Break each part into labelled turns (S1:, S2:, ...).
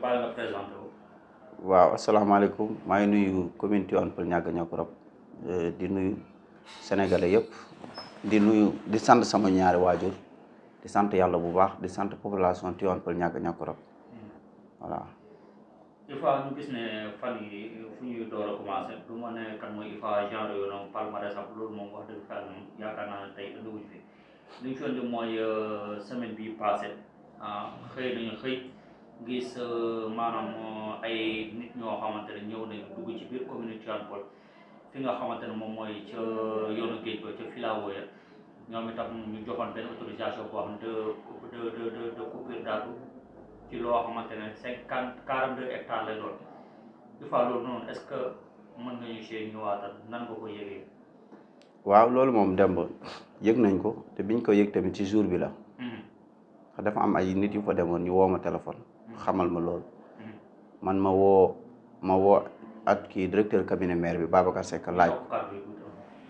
S1: baal nga présenté wu.
S2: waaw asalaamaaleykum maa ngi nuyu commune Tivaouane Peulh Niaga Niakoulrab eh, di nuyu sénégalais yëpp di nuyu di sant sama ñaari waajur di sant yàlla bu baax di sant population Tivaouane Peulh Niaga Niakoulrab voilà.
S1: IFA ñu gis fan yi fu ñuy door a commencé du ma ne kan mooy IFA genre yooyu noonu palmarès ak loolu moom wax dëgg fànn yaakaar naa ne tey ëllëguñ fi li ñu fi indi mooy euh, semaine bii passé ah xëy nañu xëy. gis euh, maanaam euh, ay nit ñoo xamante nañu dugg ci biir commune Tivaouane Peulh fi nga xamante ne moom mooy ca euh, yoonu géej ba ca filao ya ñoom itam ñu nga ñu see ñëwaatal nan nga ko yëgee.
S2: waaw loolu moom demb yëg nañ ko te biñ ko yëg tamit ci jour bi la. Hmm. dafa am ay nit yu fa demoon ñu woo ma téléphone. xamal ma loolu man ma woo ma woo ak kii directeur cabinet maire bi Babacar Seck laaj ko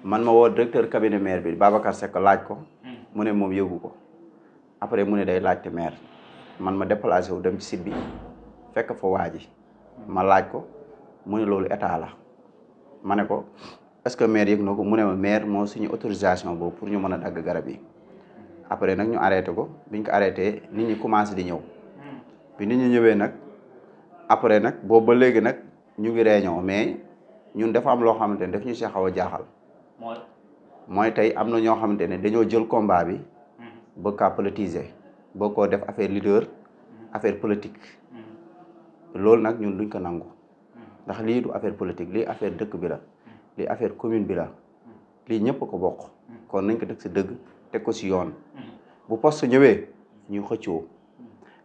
S2: man ma woo directeur cabinet maire bi Babacar Seck laaj ko mu ne moom yëgu ko après mu ne day laajte maire man ma déplacé wu dem ci site bi fekk fo waa ji ma laaj ko mu ne loolu état la ma ne ko est-ce que maire yëg na ko mu ne ma maire moo suñu autorisation boobu pour ñu mën a dagg garab yi après nag ñu arrêté ko biñ ko arrêté nit ñi commencé di ñëw bi nit ñu ñëwee nag après nag boobu ba léegi nag ñu ngi réunion mais ñun dafa am loo xamante ne daf ñu see xaw a jaaxal. mooy tey am na ñoo xamante ne dañoo jël combat bi.
S3: Mm-hmm.
S2: ba kaa politiser. ba koo def affaire leader. Mm-hmm. affaire politique.
S3: Mm-hmm.
S2: loolu nag ñun duñ ko nangu. ndax lii du affaire politique lii affaire dëkk bi la. lii affaire commune bi la. lii ñëpp ko bokk. kon nañ ko teg si dëgg teg ko si yoon. bu poste ñëwee ñu xëccoo.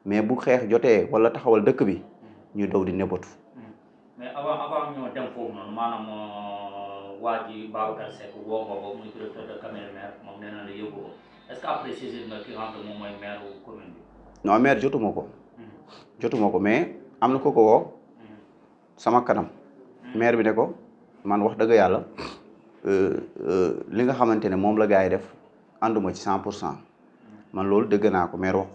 S2: mais bu xeex jotee wala taxawal dëkk bi mm. ñu daw di nëbbatu.
S1: Mm. mais avant avant ñoo dem foofu noonu maanaam euh, waa ji Babacar woo ko
S2: muy jotuma ko. Mm. jotuma ko mais am na ko ko woo. sama kanam. maire bi ne ko man wax dëgg yàlla euh, euh, li nga xamante ne moom la gaa yi def ànduma ci cent pour cent man loolu dëgg naa ko maire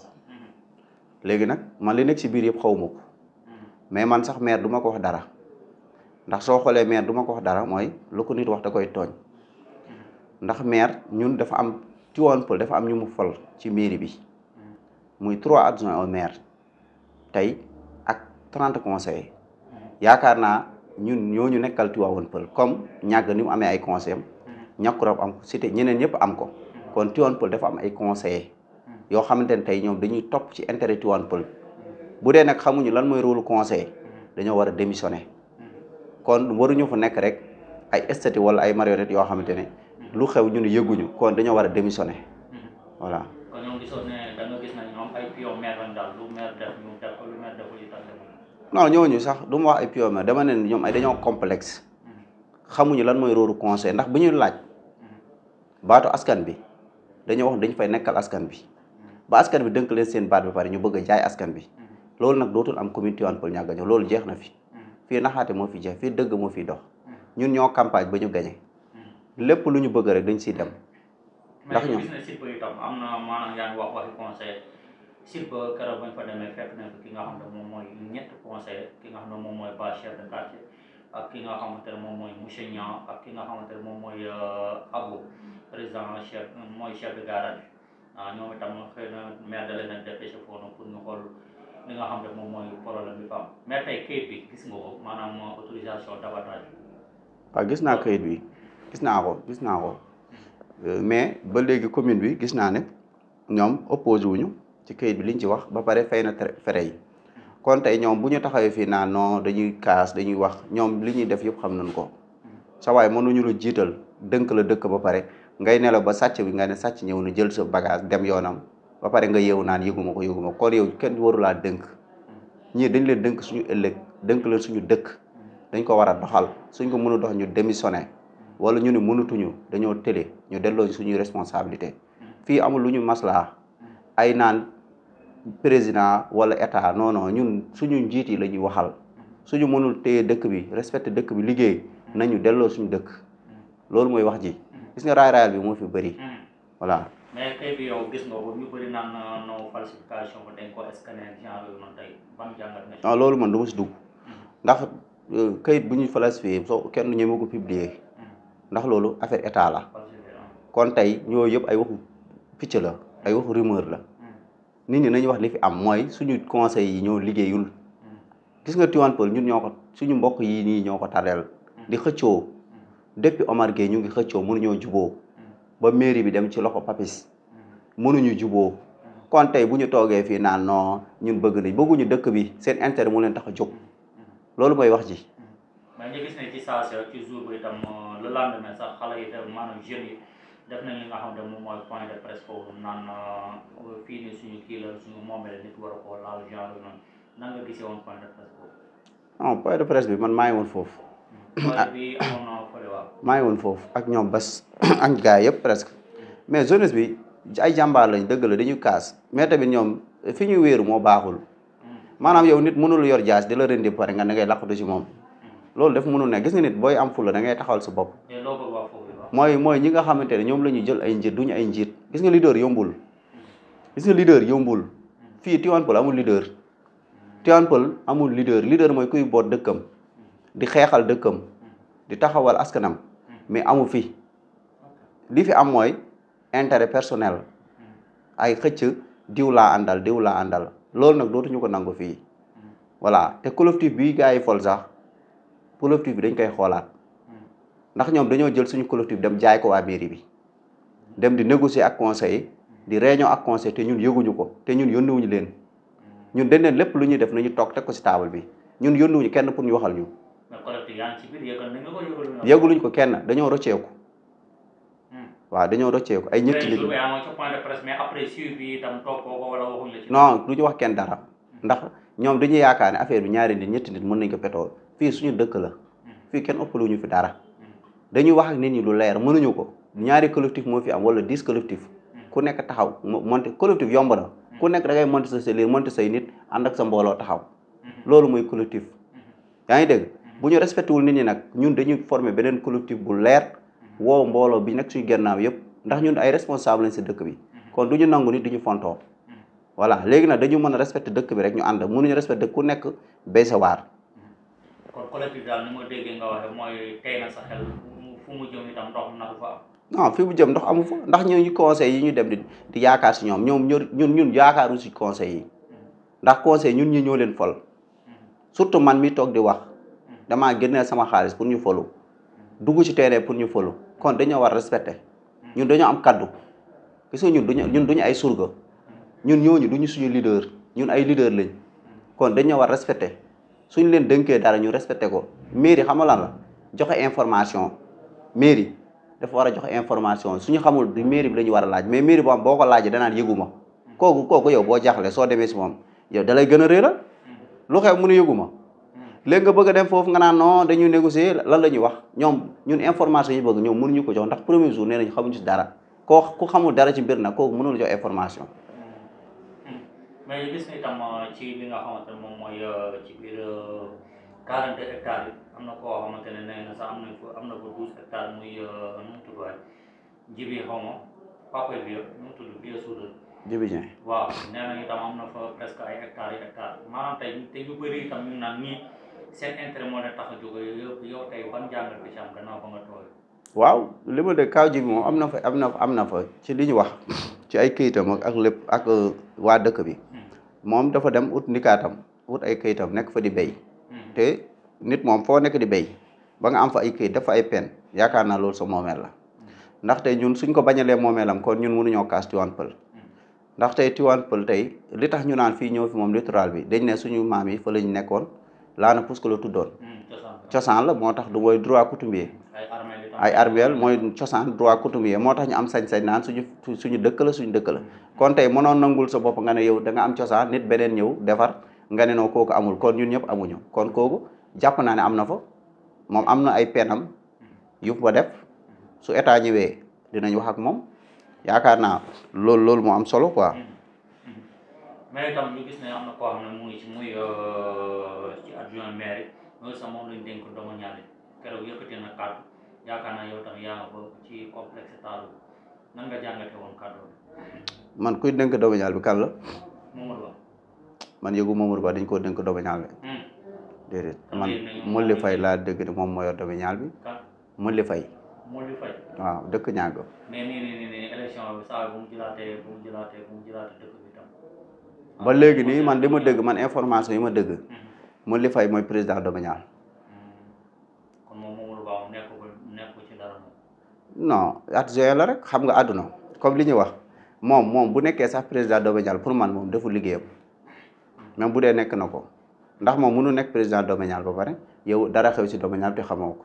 S2: léegi nag man li nekk si biir yëpp xaw ma ko mais man sax maire duma ma ko wax dara ndax soo xoolee maire du ma ko wax dara mooy lu ko nit wax da koy tooñ ndax maire ñun dafa am Tivaouane Peulh dafa am ñu mu fal ci mairie bi muy trois adjoints au maire tey ak trente conseillers yaakaar naa ñun ñooñu nekkal Tivaouane Peulh comme ñàgg ni mu amee ay conseillers am mm-hmm. ñàkkurab am cité ñeneen ñëpp am ko mm-hmm. kon Tivaouane Peulh dafa am ay conseillers yoo xamante ne tey ñoom dañuy topp ci intérêt Tivaouane Peulh bu dee nag xamuñu lan mooy rôle conseil dañoo war a démissionner kon waruñu fa nekk rek ay esthétique wala ay marionnette yoo xamante ne lu xew ñu yëguñu kon dañoo war a démissionner voilà. kon ñoom sax du ma wax ay pion maire dama ne ñoom ay dañoo complexe xamuñu lan mooy rôle conseil ndax bu ñuy laaj baatu askan bi dañoo wax dañ fay nekkal askan bi. ba askan bi dënk leen seen baat ba pare ñu bëgg a jaay askan bi mhm. loolu nag dootul am commune Tivaouane Peulh ñàgg loolu jeex na fi mhm. fii naxaate moo fi jeex fii dëgg moo fi dox mhm. ñun ñoo campagne ba ñu gañe lépp lu ñu bëgg rek dañ siy
S1: moom mooy ñett conseil ki nga xam moom mooy ba de quartier ak ki nga xamante moom mooy monsieur Niang ak ki nga euh, président chef mooy chef de garage. ah ñoom itam xëy na maire da leen pour ñu xool li nga xam ne moom mooy problème bi fa am mais tey kayit gis nga ko
S2: ah, gis naa kayit bi gis naa ko gis naa ko euh, mais ba léegi commune bi gis naa ne ñoom opposé wuñu ci kayit bi liñ ci wax ba pare fay na frais yi kon tey ñoom bu ñu taxawee fii naa non dañuy kaas dañuy wax ñoom li ñuy def yëpp xam nañ ko mm-hmm. sa waay mënuñu la jiital dënk la dëkk ba pare. ngay nelaw ba sàcc bi nga ne sàcc ñëw na jël sa bagage dem yoonam ba pare nga yeewu naan yëguma ko yëguma ko kon yow kenn warulaa dënk ñii dañ leen dënk suñu ëllëg dënk leen suñu dëkk dañ ko war a doxal suñ ko mënu dox ñu démissionné wala ñu ne mënutuñu dañoo télé ñu delloo suñuy responsabilité fii amul lu ñu maslaa ay naan président wala état noonoo non ñun suñu njiit yi la ñuy waxal suñu mënul téye dëkk bi respecté dëkk bi liggéey nañu delloo suñu dëkk loolu mooy wax ji gis nga raay raayal bi moo fi bëri. Hmm. voilà. mais loolu man du ma si dugg. Hmm. ndax euh, kayit bu ñu falsifié soo kenn ñeme ko publier. Hmm. ndax loolu affaire état la. kon tey ñooñu yëpp ay waxu picc la ay waxu rumeur la. nit ñi nañu wax ni fi am mooy suñu conseil yi ñoo liggéeyul. gis nga Tivaouane Peulh ñun ñoo suñu mbokk yi nii ñoo ko tardeel di xëccoo. depuis Omar Gueye ñu ngi xëccoo mënuñoo juboo ba mairie bi dem ci loxo papis mënuñu juboo kon bu ñu toogee fii naan non ñun bëgg nañ bëgguñu dëkk bi seen intérêt mu leen tax a jóg loolu mooy wax ji.
S1: mais ñu ci saa si bi nga xam ne euh, point de presse boobu.
S2: non point man maa foofu. maa ngi woon foofu ak ñoom bas ak gars yëpp presque mais jeunesse bi ay jàmbaar lañ dëgg la dañu kaas mais tamit ñoom fi ñuy wéeru moo baaxul maanaam yow nit mënul yor jaas di la rendi pare nga ne ngay laqatu ci moom loolu daf munul ne gis nga nit booy am fulla dangay ngay taxawal sa bopp mooy mooy ñi nga xamante ne ñoom la ñuy jël ay njiit duñu ay njiit gis nga leader yombul gis nga leader yombul fii Tivaouane Peulh amul leader Tivaouane amul leader leader mooy kuy boot dëkkam di xeexal dëkkam di taxawal askanam mais amu fi li fi am mooy intérêt personnel ay xëcc diw laa àndal diw laa àndal loolu nag dootuñu ko nangu fii voilà te collectif bi gars yi fol sax collectif bi dañ koy xoolaat ndax ñoom dañoo jël suñu collectif dem jaay ko waa mairie bi dem di négocier ak conseil di réunion ak conseil te ñun yëguñu ko te ñun yónniwuñu leen ñun dañ leen lépp lu ñu def nañu toog te ko ci table bi ñun yónniwuñu kenn pour ñu waxal ñu yëguluñ ko kenn dañoo rocceeku. Hmm. waaw dañoo rocceeku ay ñetti nit non du ñu wax kenn dara hmm. ndax ñoom dañuy yaakaar ne affaire bi ñaari nit ñetti nit mën nañ ko petoo fii suñu dëkk la hmm. fii kenn ëppaluñu fi dara dañuy wax ak nit ñi lu leer mënuñu ko ñaari collectif moo fi am wala dix collectif ku nekk taxaw monte collectif yomb na ku nekk da ngay sa liir monte say nit ànd sa mbooloo taxaw loolu mooy collectif yaa ngi dégg bu ñu respecté wul nit ñi nag ñun dañuy former beneen collectif bu leer mhm. woo mbooloo bi nag suñu gannaaw yëpp ndax ñun ay responsable lañ si dëkk bi mhm. kon du ñu nangu nit du ñu fontoo mhm. voilà léegi nag dañu mën a respecté dëkk bi rek ñu ànd mënuñu respecté ku nekk bay sa waar.
S1: kon collectif daal ni ma déggee nga waxee mooy tey na sa xel fu mu jëm itam ndox na fa
S2: non fi mu jëm ndox amu fa ndax ñooñu conseil yi ñu dem di di yaakaar si ñoom ñoom ñun ñun yaakaaru si conseil yi ndax conseil ñun ñu ñoo leen fol surtout man mi tok di wax. damaa génnee sama xaalis pour ñu folu dugg ci terrain pour ñu folu kon dañoo war respecté ñun dañoo am kaddu gis nga ñun duñu ñun duñu ay surga ñun ñooñu duñu suñu leader ñun ay leader lañ kon dañoo war respecté suñu leen dënkee dara ñu respecté ko mairie xam nga lan la joxe information mairie dafa war a joxe information suñu xamul du mairie bi lañu war a laaj mais mairie boo am boo ko laajee danaan yëguma kooku kooku yow boo jaaxle soo demee si moom yow dalay gën a réeral lu xew mu ne yëguma léegi nga bëgg a dem foofu nga naan non dañuy négocier lan la ñuy wax ñoom ñun information yi bëgg ñoom mënuñu ko jox ndax premier jour nee nañ xamuñu ci dara koo ku xamul dara ci mbir hmm. Hmm. itam euh, euh, euh,
S1: am na koo xamante ne nee na sax nu mu tudd waay jibi xaw ma papa bi nu mu tudd bi suudal waaw nee na itam am na fa presque ay hectares yi hectares maanaam te ñu bëri itam ñu naan nii. seen intérêt moo leen tax a jóg yow tey ban jàngat bi ci am gannaaw ba nga tooy.
S2: waaw li ma de kaw ji moom am na fa am na am na fa ci li ñu wax ci ay kayitam ak lépp ak waa dëkk bi moom dafa dem ut nikaatam ut ay kayitam nekk fa di béy te nit moom foo nekk di béy ba nga am fa ai kayit dafa ay pen yaakaar naa loolu sa moomeel la ndaxte ñun suñ ko bañalee moomeelam kon ñun mënuñoo kaas Tivaouane Peulh ndaxte Tivaouane Peulh tey li tax ñu naan fii ñëw fi moom littoral bi dañ ne suñu mami, yi fa lañ nekkoon laana puus ko la tuddoon hmm, cosaan la moo tax du mooy droit coutumier ay armeel mooy cosaan droit coutumier moo tax ñu am sañ-sañ naan suñu suñu dëkk la suñu dëkk la hmm. kon tey mënoon nangul sa bopp nga ne yow danga nga am cosaan nit beneen ñëw defar nga ne noo kooku amul kon ñun ñëpp amuñu kon kooku jàpp naa ne am na fa moom am na ay penam hmm. yu ba def su état ñëwee dinañ wax ak moom yaakaar naa loolu loolu moo am solo quoi Euh, man kuy dënk doomu ñaar bi kan la. Mamadou Ba. man yëgu Mamadou Ba dañ koo dénk doomu ñaar bi. Hmm. man Mouli Faye laa dëkk Niago.
S1: mais nii nii élection bi bu mu jëlaatee bu mu jëlaatee dëkk bi tam.
S2: ba léegi nii man li ma man information yi ma dégg hmm. Moulay Faye mooy président domanial. Hmm.
S1: kon no. Momadou Ba mu nekk
S3: ko ci dara.
S2: non adjoint la rek xam nga àdduna comme li ñuy wax moom moom bu nekkee sax président domanial pour man moom deful liggéeyam même bu dee nekk na ko ndax moom mënu nekk président domanial ba pare yow dara xew ci domanial te ko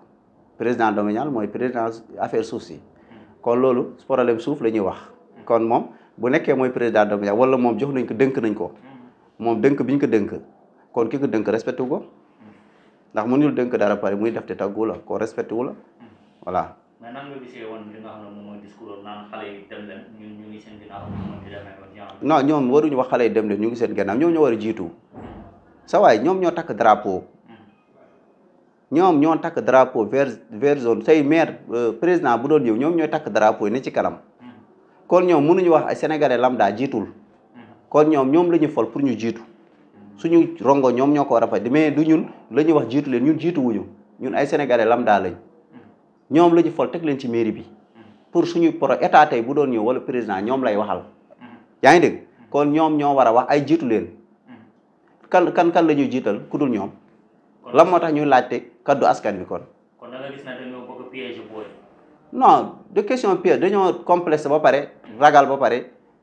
S2: président domanial mooy président affaire suuf hmm. kon problème wax kon bu nekkee mooy président de média wala moom jox nañ ko dënk nañ ko moom dënk biñ ko dënk kon ki dënk respecté wu ko ndax mënul dënk dara pare muy def te tàggu la ko respecté wu la voilà. mais nan ñoom waruñu wax xale yi dem leen ñu ngi seen ginnaaw ñoom ñoo war a jiitu sa waay ñoom ñoo takk drapeau ñoom ñoo takk drapeau vert vert zone say maire euh, président bu doon ñëw ñoom ñooy takk drapeau yi ne ci kanam. kon ñoom mënuñu wax ay sénégalais lambda jiitul kon ñoom ñoom la ñu fol pour ñu jiitu suñu rongo ñoom ñoo ko war a faj mais du ñun la ñuy wax jiitu leen ñun jiitu ñun ay sénégalais lambda lañ ñoom la ñu fol teg leen ci mairie bi pour suñu pour état tey bu doon ñëw wala président ñoom lay waxal yaa ngi dégg kon ñoom ñoo war a wax ay jiitu leen kan kan kan la ñuy jiital ku dul ñoom lan moo tax ñuy laajte kaddu askan bi kon. non de question Pierre dañoo complexe ba pare ragal ba pare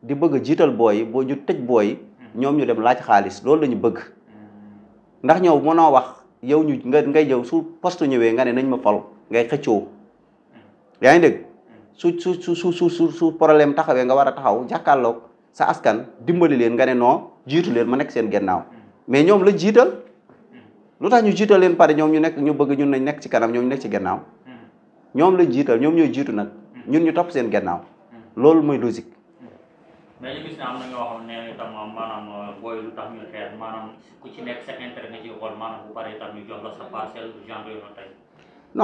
S2: di bëgg jiital booy yi boo ñu tëj booy yi ñoom ñu dem laaj xaalis loolu la ñu bëgg ndax ñëw mënoo wax yow ñu nga ngay jëw su poste ñëwee nga ne nañ ma fal ngay xëccoo yaa ngi dégg su su su su su su problème taxawee nga war a taxaw jàkkaarloog sa askan dimbali leen nga ne noo jiitu leen ma nekk seen gennaaw mais ñoom la jiital lu tax ñu jiital leen pare ñoom ñu nekk ñu bëgg ñun nañ nekk ci kanam ñoom ñu ci gennaaw ñoom la jiital ñoom ñoo jiitu nag hmm. ñun ñu topp seen gannaaw loolu mooy logique. Hmm.
S1: mais ñu xam nga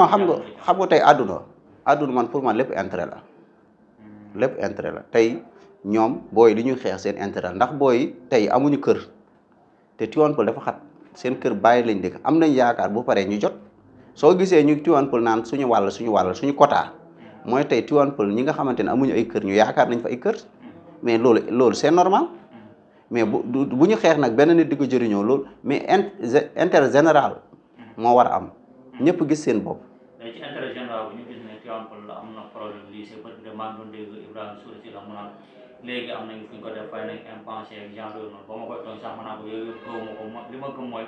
S2: xam nga tey àdduna àdduna man pour man lépp intérêt la hmm. lépp intérêt la tey ñoom booy li ñuy xeex seen intérêt ndax booy tey amuñu kër te Tivaouane Peulh dafa xat seen kër bàyyi lañ dëkk am nañ yaakaar boo paree ñu jot. soo gisee ñu Tivaouane Peulh naan suñu wàll suñu wàll suñu quota mooy tey Tivaouane Peulh ñi nga xamante ne amuñu ay kër ñu yaakaar nañ fa ay kër mais loolu loolu c'est normal mais bu bu ñu xeex nag benn nit di ko jëriñoo loolu mais intérêt général moo war a am ñëpp gis seen bopp.
S1: mais def fay nañ impensé ak noonu ba ma koy tooñ sax yooyu yëpp ko li ma gëm mooy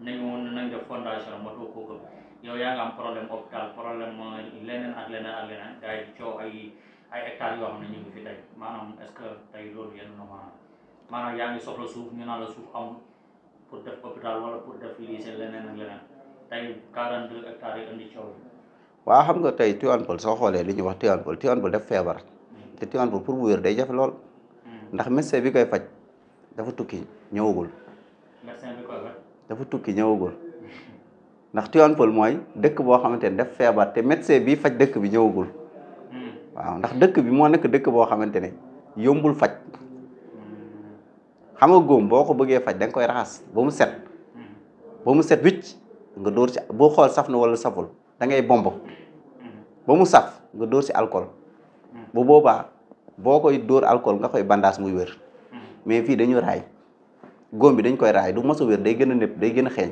S1: nañu nañ def toog kooku. yow yaa nga problème hôpital problème leneen ak leneen ak coow ay ay hectares xam ne ñu fi tey maanaam est-ce loolu yenn na maanaam yaa ngi soxla suuf ñu naan la suuf amul pour def hôpital wala pour def lycée leneen ak leneen tey 42 hectares yi indi coow yi.
S2: xam nga tey Tivaouane Peulh soo xoolee li ñuy wax Tivaouane Peulh Tivaouane def feebar hmm. te Tivaouane Peulh pour mu wér day jafe lool hmm. ndax médecin bi koy faj dafa tukki ñëwagul. dafa tukki ñëwagul. ndax Tivaouane Peulh mooy dëkk boo xamante ne daf feebar te médecin bi faj dëkk bi ñëwagul hmm. waaw ndax dëkk bi moo nekk dëkk boo xamante ne yombul faj xam nga góom boo ko bëggee faj da koy raxas ba mu set hmm. ba mu set wicc nga dóor ci boo xool saf na wala saful da bomb
S3: hmm.
S2: ba mu saf nga dóor si alcool bu boobaa boo koy dóor alcool nga koy bandaas muy wér mais fii dañu raay góom bi dañ koy raay du mos a day gën a népp day gën a xeeñ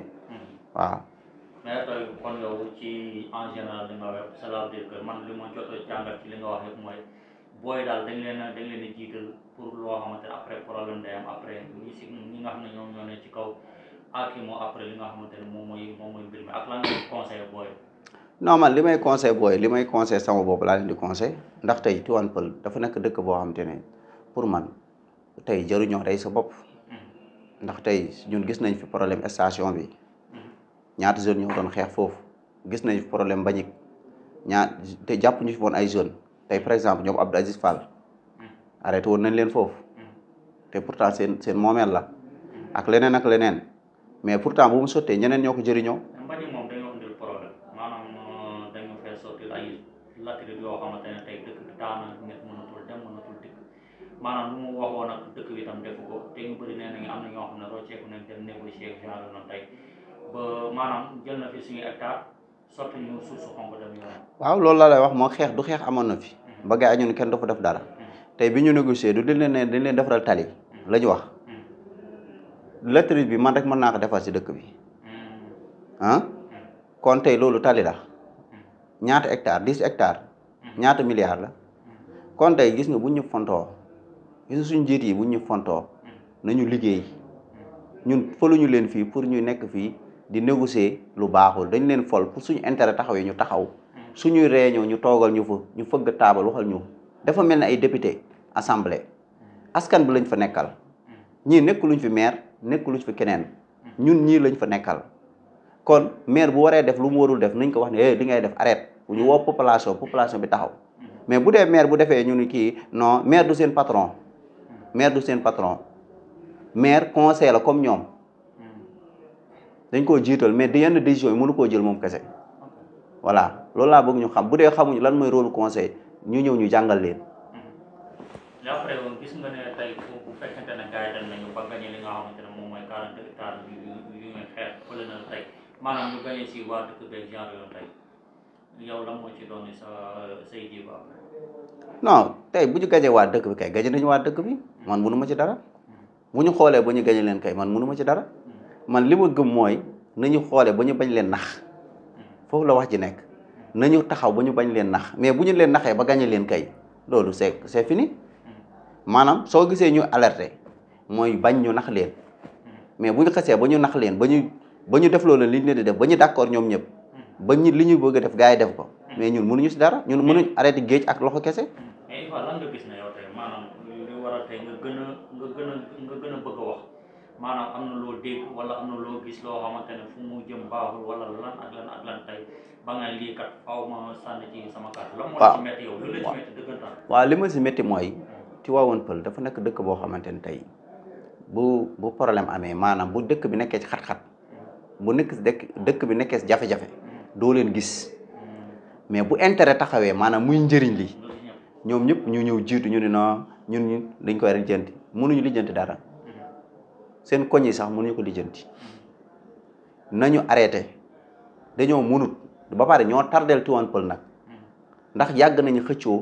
S1: waaw mais tey kon yow ci en li nga wax ma li booy daal dañ leen jiital pour loo xamante ne après problème day après ñi si ñi ñoom ñoo ci kaw ak moo après li nga xamante ne moom mooy moom mooy ak lan ngay conseil booy.
S2: non man may conseil booy li may conseil sama bopp laa leen di conseil ndax tey Tivaouane Peulh dafa nekk dëkk boo xamante ne pour man tey jaruñoo rey sa bopp. Hmm. ndax tey ñun gis nañ fi problème station bi. ñaata zone ñoo doon xeex foofu gis nañu problème bañik ñaa te jàpp ñu fi woon ay zone tey par exemple ñoom Abdou Aziz Fall hmm. arrêté woon nañ leen foofu hmm. te pourta seen seen moomeel la ak leneen ak leneen mais pourta bu mu sottee ñeneen ñoo ko jëriñoo.
S1: maanaam lu mu waxoon ak dëkk bi tam def ko te ñu bëri nee nañu am na ñoo xam ne rocceeku nañ dem négocier ak genre noonu tey ba
S2: waaw loolu la lay wax moo xeex du xeex amoon na fi mm-hmm. ba gaa yi ñun kenn du fa def dara mm-hmm. tey bi ñu négocier du dañ leen ne dañ defaral tali mm-hmm. la ñu wax latérite bi man rek mën naa ko defar si dëkk bi ah kon tey loolu tali la ñaata hectare dix hectare ñaata milliards la kon tey gis nga bu ñu fontoo gis nga suñu yi bu ñu fontoo nañu liggéey ñun fëluñu leen fii pour ñu nekk fii di négocier lu baaxul dañ leen fol pour suñu taxaw yi ñu taxaw suñuy réunion ñu toogal ñu fa ñu fëgg taabal waxal ñu dafa mel ni ay député assemblée askan bi lañu fa nekkal ñii nekku luñ fi maire nekku luñ fi keneen ñun ñii lañ fa nekkal kon maire bu waree def lu mu warul def nañ ko wax ne eh li ngay def arrête bu ñu woo population population bi taxaw mais bu dee maire bu defee ñu ni kii non maire du seen patron maire du seen patron maire conseil la comme ñoom dañ koo jiital mais yenn décision yi mënu koo jël moom kese voilà loolu laa bëgg ñu xam bu dee xamuñu lan mooy rôle conseil ñu ñëw ñu jàngal leen.
S1: Mmh. après gis nga bu fekkente ne waa dëkk beeg
S2: non tey bu ñu gagné waa dëkk bi kay gagné nañu waa dëkk bi man mënu ma ci dara mmh. bu ñu xoolee ba ñu gagné leen kay man mënu ci dara. man li ma gëm mooy nañu xoolee ba ñu bañ leen nax foofu la wax ji nekk nañu taxaw ba ñu bañ leen nax mais bu ñu leen naxee ba gañe leen kay loolu c'est c'est fini maanaam soo gisee ñu alerté mooy bañ ñu nax leen mais bu ñu xasee ba ñu nax leen ba ñu ba ñu def loolu li ñu leen di def ba ñu d'accord ñoom ñëpp ba ñu li ñu bëgg def gars yi def ko mais ñun mënuñu si dara ñun mënuñ arrêté géej ak loxo kese.
S1: manam am na loo dégg wala am na loo gis loo wala lan aglan aglan ak lan tey ba kat faaw ma sànni ci sama kàddu lan moo ci métti yow lu la ci métti dëggantaan
S2: waaw li ma si métti mooy Tivaouane Peulh dafa nekk dëkk boo xamante tay, bu bu problème amee maanaam bu dëkk bi nekkee ci khat, xat
S3: hmm.
S2: bu nekk dëkk dëkk bi nekkee jafe-jafe hmm. doo leen gis mais hmm. bu intérêt taxawee maanaam muy njëriñ li ñoom ñëpp ñu ñëw jiitu ñu ne non ñun ñu dañ koy lijjanti mënuñu lijjanti dara seen koñ yi sax mënuñu ko lijjanti nañu arrêté dañoo munut ba pare ñoo tardel Tivaouane Peulh nak ndax yàgg nañu xëccoo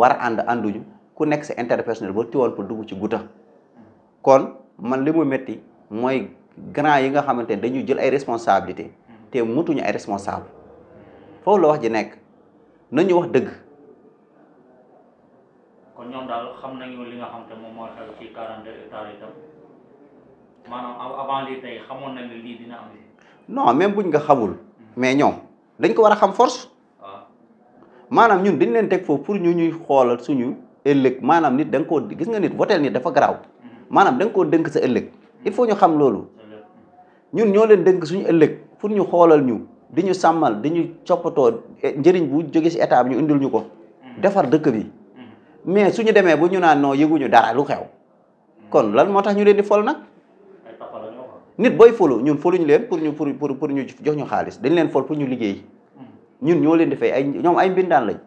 S2: war a ànd ànduñu ku nekk sa intérêt personnel ba Tivaouane Peulh dugg ci guta kon man limu metti métti mooy grand yi nga xamante ne dañuy jël ay responsabilité te mutuñu ay responsable foofu la wax ji nekk nañu wax dëgg
S1: kon ñoom dal xam nañu li nga xam mo moom moo xew ci 42 hectares itam maanaam avant lii tey
S2: non même buñ nga xamul mm-hmm. mais ñoom dañ ko war a xam force ah. maanaam ñun dañ leen teg foofu pour ñu ñuy xoolal suñu ëllëg maanaam nit da nga gis nga nit votel nit dafa garaaw mm-hmm. maanaam da koo dënk sa ëllëg il faut ñu xam mm-hmm. loolu ñun ñoo leen dënk suñu ëllëg pour ñu xoolal ñu di ñu sàmmal di ñu coppatoo eh, njëriñ bu jóge si état bi ñu indil ñu ko defar dëkk bi mais suñu demee ba ñu naan non yëguñu dara lu xew kon lan moo tax ñu leen di fol nag nit booy follow ñun follow leen pour ñu pour pour pour ñu jox ñu xaalis dañ leen fol pour ñu liggéey ñun ñoo leen di ay ñoom ay mbindaan lañ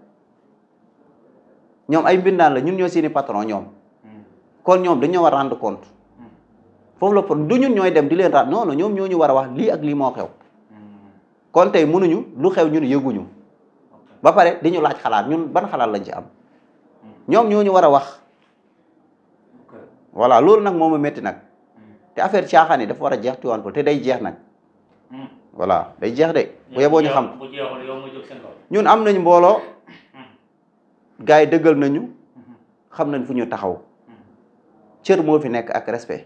S2: ñoom ay mbindaan la ñun ñoo seeni patron ñoom kon ñoom dañoo war a rendre compte foofu la pour du ñun ñooy dem di leen rendre non non ñoom ñoo ñu war a wax lii ak lii moo xew kon tey mënuñu lu xew ñun yëguñu ba pare di ñu laaj xalaat ñun ban xalaat lañ ci am ñoom ñoo ñu war a wax voilà loolu nag moom ma métti nag. te affaire caaxaan yi dafa war a jeex Tivaouane Peulh te day jeex nag hmm. voilà day jeex de bu yeboo ñu xam ñun am nañ mbooloo hmm. gars yi dëggal nañu hmm. xam nañ fu ñu taxaw cër moo fi nekk ak respect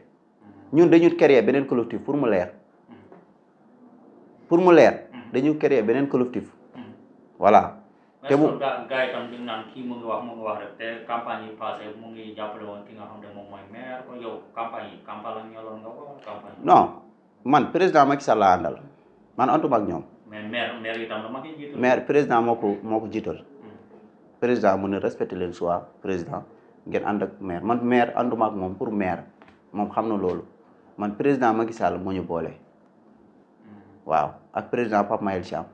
S2: ñun dañu créer beneen collectif pour mu leer pour mu leer dañu créer beneen collectif voilà te mu
S1: ngi wax mu ngi wax rek te campagne yi mu ngi jàppale woon ki nga xam ne moom mooy maire ko yow
S2: man président Macky Sall laa àndal man antuma ak ñoom.
S1: mais président
S2: moo ko moo ko jiital. Hmm. président mu ne respecté leen choix président ngeen ànd ak maire man maire ànduma ak moom pour mair moom xam na loolu man président Macky Sall moo ñu boole. Hmm. waaw ak président Pape Mayel Thiam.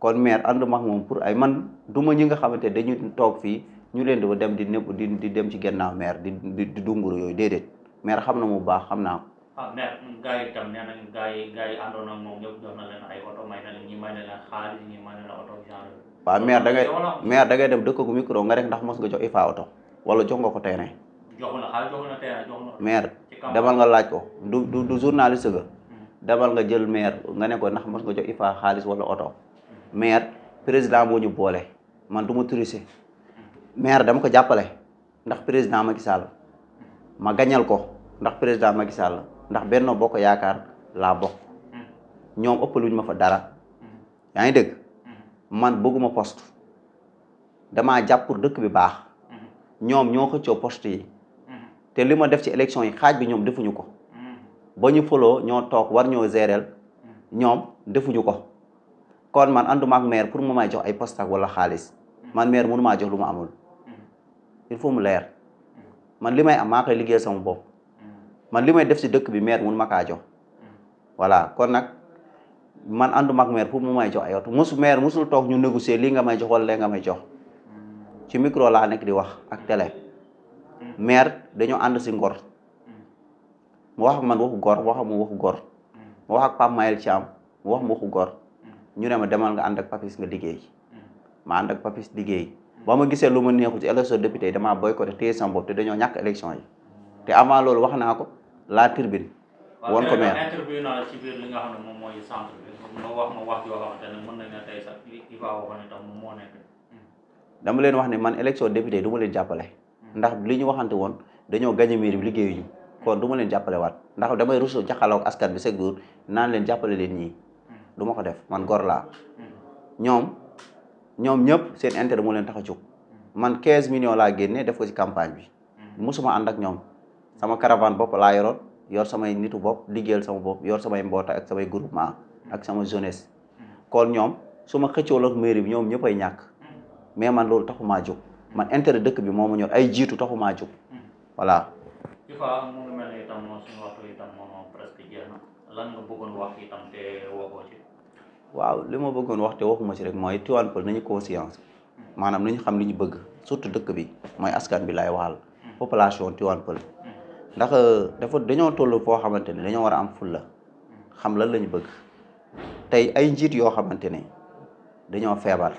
S2: kon maire ànduma max moom pour ay man du ma ñi nga xamante dañu toog fii ñu leen di dem di nëbb di di dem ci gennaaw maire di di di yooyu déedéet maire xam na mu baax xam naa ko.
S1: ah maire gars yi tam nee nañu
S2: gars dem dëkk gu micro nga rek ndax mos nga jox IFA oto wala jox nga ko terrain. jox demal nga laaj ko du du du journaliste ga. Hmm. demal nga jël maire nga ne ko ndax mos nga jox fa xaalis wala oto. maire président moo ñu boole man du ma touriste damu dama ko jàppale ndax président Macky Sall ma gañal ko ndax président Macky Sall ndax Benno Bokk Yaakaar laa bokk ñoom ëppaluñu ma fa dara yaa ngi man bëgguma poste damaa jàpp dëkk bi baax nyom nyom xëccoo poste yi te li ma def ci élection yi xaaj bi ñoom defuñu ko ba ñu foloo ñoo war nyom géréel nyom defuñu ko kon man ànduma ak maire pour mu may jox ay poste ak wala xaalis hmm. man maire mënu maa jox lu ma amul hmm. il faut mu leer hmm. man li may am maa koy liggéeyal sama bopp man li may def si dëkk bi maire mënu ma kaa jox voilà kon nag man ànduma ak maire pour mu may jox ay oto mosu maire mosul toog ñu négocier lii nga may jox wala lee nga may jox ci micro laa nekk di wax ak télé maire dañoo ànd si ngor mu wax man waxu gor mu waxu gor mu wax ak Pape Mayel Thiam mu wax mu gor ñu ne ma demal nga ànd ak papis nga liggéey
S3: mm.
S2: ma ak papis liggéey ba ma gisee lu ma neexu ci élection député yi damaa boycotté téye sama bopp te dañoo ñàkk mm. te avant loolu wax naa ko la turbine woon ko meer
S1: mm.
S2: dama leen wax ne man élection député yi du ma leen jàppale ndax li ñu waxante woon dañoo gañe miir bi liggéeyuñu kon du ma leen jàppale waat ndax damay rusu jaxaloo askan bi chaque jour naan leen jàppale leen ñii du ma ko def man gor laa hmm. ñoom ñoom ñëpp seen intérêt moo leen tax hmm. man 15 millions laa génne def ko ci campagne bi hmm. musuma ànd ak sama caravane bop laa yoroon yor samay nitu bop digel sama bopp yor sama mbootaay ak samay groupement ak sama jeunesse kol nyom, su ma xëccoo ak mairie bi ñoom ñëpp ay mais man loolu taxu maa man intérêt dëkk bi moo ma ñor ay jiitu taxu maa
S1: lan nga bëggoon wax
S2: waaw li ma bëggoon wax te waxuma ci rek mooy Tivaouane Peulh nañu conscience maanaam nañu xam li ñu bëgg surtout dëkk bi mooy askan bi laay waxal hmm. population Tivaouane Peulh hmm. ndax euh, dafa dañoo toll foo xamante ne dañoo war a am fulla hmm. xam lan lañu bëgg tey ay njiit yoo xamante ne dañoo feebar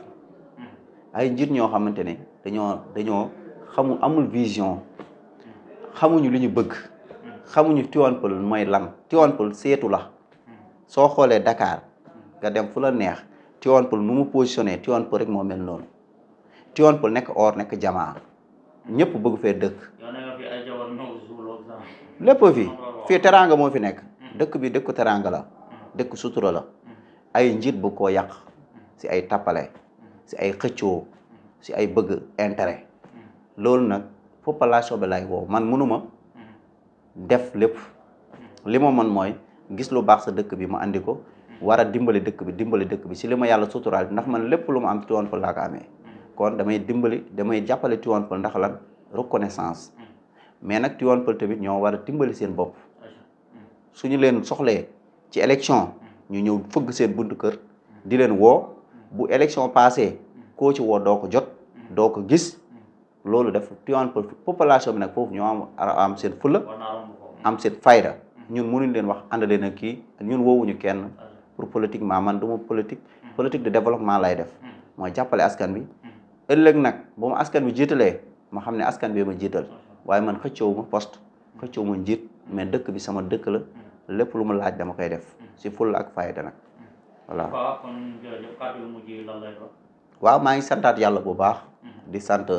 S2: ay njiit ñoo xamante ne dañoo dañoo xamu amul vision xamuñu li bëgg xamuñu Tivaouane Peulh mooy lan Tivaouane Peulh seetu la soo xoolee dakaar nga dem fu la neex Tivaouane Peulh nu mu positionné Tivaouane Peulh rek moo mel noonu Tivaouane Peulh nekk or nekk jamaa ñëpp bëgg fee dëkk. lépp fi fii teraanga moo fi nekk. Mm. dëkk bi dëkk teraanga la. Mm. dëkk sutura mm. ay njiit bu koo yàq si ay tappale si ay xëccoo si ay bëgg intérêt loolu nag population bi lay woo man mënuma def lépp li ma mën mooy gis lu baax sa dëkk bi ma andi ko war a dimbali dëkk bi dimbali dëkk bi si li ma yàlla suturaal ndax man lépp lu ma am Tivaouane Peulh laa ko amee kon damay dimbali damay jàppale Tivaouane Peulh ndax lan reconnaissance mais nag Tivaouane Peulh tamit ñoo war a dimbali seen bopp ñu leen soxlee ci élection ñu ñëw fëgg seen buntu kër di leen woo bu élection passé koo ci woo doo ko jot doo ko gis loolu def Tivaouane Peulh population bi nag foofu ñoo am am seen fulla am seen fayda ñun mënuñ leen wax ànd leen ak kii ñun woowuñu kenn pour politiquement man du ma politique politique de développement lay def mooy jàppale askan bi ëllëg nag bu ma askan bi jiitalee ma xam ne askan bi ma jiital waaye man xëccoowu ma poste xëccoowu ma njiit mais dëkk bi sama dëkk la lépp lu ma laaj dama koy def si fulla ak fayda nag voilà waaw maa ngi santaat yàlla bu baax di sant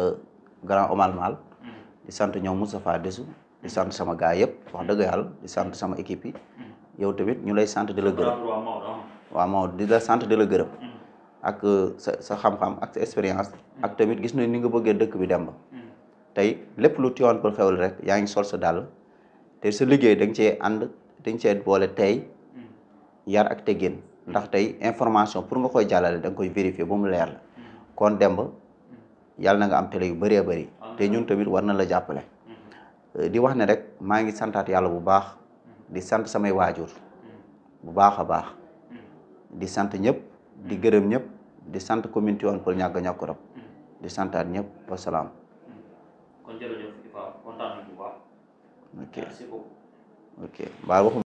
S2: grand omal Mal hmm. di sant ñoom Moustapha Dessou di sant sama gaay hmm. yëpp wax dëgg yàlla di sant sama équipe hmm. yi ya yow tamit ñu lay sant di la gërëm waaw Maodo di la sant di la gërëm ak sa sa xam-xam ak sa expérience ak tamit gis nañ ni nga bëggee dëkk bi dem ba tey lépp lu tiyoon pour xewal rek yaa sol sa dàll te sa liggéey da nga cee ànd dañ cee boole tey yar ak teggin ndax tey information pour nga koy jàllale da nga koy vérifier ba mu leer la kon dem ba yàlla na nga am tele yu bëree bari ah. te ñun tamit war na la jàppale mm-hmm. di wax ne rek maa ngi santaat yàlla bu baax mm-hmm. di sant samay waajur mm-hmm. bu baax a baax di sant ñëpp di gërëm ñëpp di sant commune Tivaouane Peulh Niaga Niakoulrab di santaat ñëpp wa salaam. ok merci beaucoup. ok